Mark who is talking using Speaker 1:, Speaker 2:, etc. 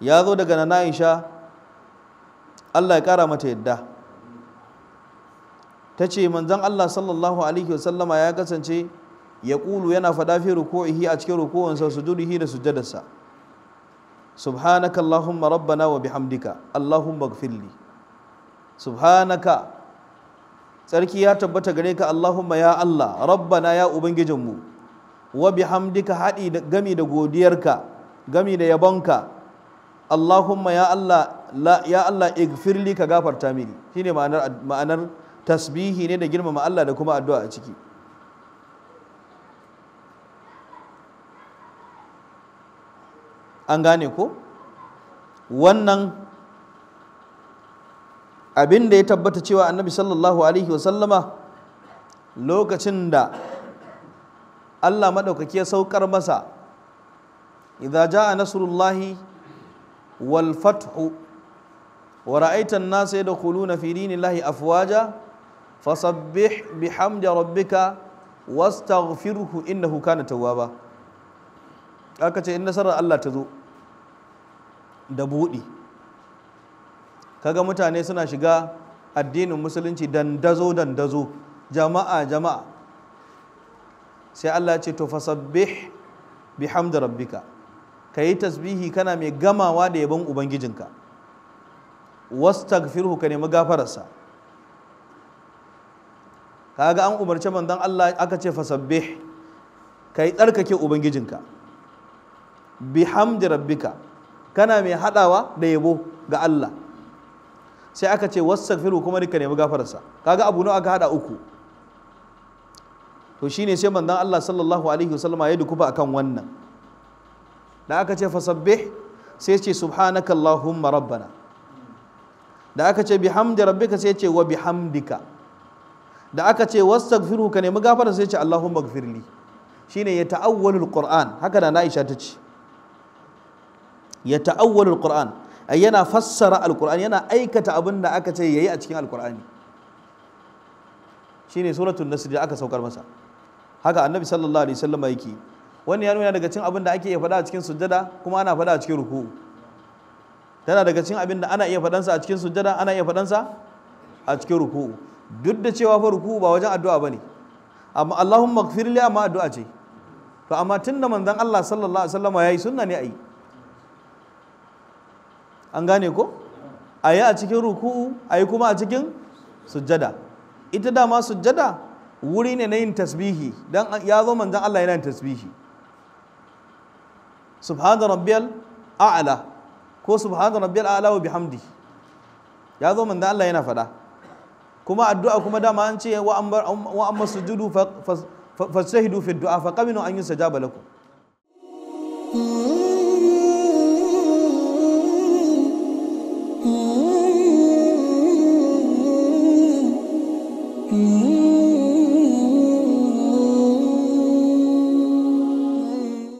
Speaker 1: ya zo daga na Aisha Allah ya kara mata yadda ta ce manzon Allah sallallahu alaihi wasallama ya kasance ya ƙulu yana faɗa fi ruku'ihi a cikin rukuwansa sujudihi da sujadarsa subhanaka allahumma rabbana wa bihamdika allahumma gfirli subhanaka tsarki ya tabbata gare ka allahumma ya allah rabbana ya ubangijinmu wa bihamdika haɗi gami da godiyarka gami da yabonka Allahumma ya Allah ya Allah igfirli ka gafarta mini shine ma'anar ma'anar tasbihi ne da girmama Allah da kuma addu'a a ciki an gane ko wannan abin da ya tabbata cewa annabi sallallahu alaihi wasallama lokacin da Allah maɗaukaki ya saukar masa idza ja'a nasrullahi wal fathu wa ra'aitan nasa yadkhuluna fi dinillahi afwaja fasabbih bihamdi rabbika wastaghfirhu innahu kana tawwaba aka ce in nasarar Allah ta zo da buɗi kaga mutane suna shiga addinin musulunci dandazo dandazo jama'a jama'a sai Allah ce to fasabbih bihamdi rabbika ka yi tasbihi kana mai gamawa da yabon ubangijinka wastaghfirhu ka nemi gafararsa kaga an umarci manzon Allah aka ce fasabbih kai tsarkake ubangijinka bihamdi rabbika kana mai hadawa da yabo ga Allah sai aka ce wastaghfiru kuma rika nemi gafararsa kaga abu nawa aka hada uku to shine sai manzon Allah sallallahu alaihi wasallama ya dukufa akan wannan da aka ce fasabbih sai ce subhanaka allahumma rabbana da aka ce bihamdi rabbika sai ce wa bihamdika da aka ce wastaghfiru ka nemi gafara sai ce allahumma ighfirli shine ya ta'awwalul qur'an haka da na'isha ta ce ya ta'awwalul qur'an ai yana fassara alqur'ani yana aikata abin da aka ce yayi a cikin alqur'ani shine suratul nasr da aka saukar masa haka annabi sallallahu alaihi wasallam yake wannan ya nuna daga cin abin da ake iya faɗa a cikin sujjada kuma ana faɗa a cikin ruku tana daga cin abin da ana iya faɗansa a cikin sujjada ana iya faɗansa a cikin ruku duk da cewa fa ruku ba wajen addu'a bane amma Allahumma ighfirli amma addu'a ce to amma tunda manzon Allah sallallahu alaihi wasallam yayi sunna ne ayi an gane ko ayi a cikin ruku ayi kuma a cikin sujjada ita dama sujjada wuri ne na yin tasbihi dan ya zo manzon Allah yana yin tasbihi سبحان ربي الأعلى كو سبحان ربي الأعلى وبحمده يا ذو من ذا الله ينفذ كما الدعاء كما دا ما أنتي وأمر وأمر سجدوا ف فشهدوا في الدعاء فقبلوا أن يستجاب لكم Mmm. -hmm.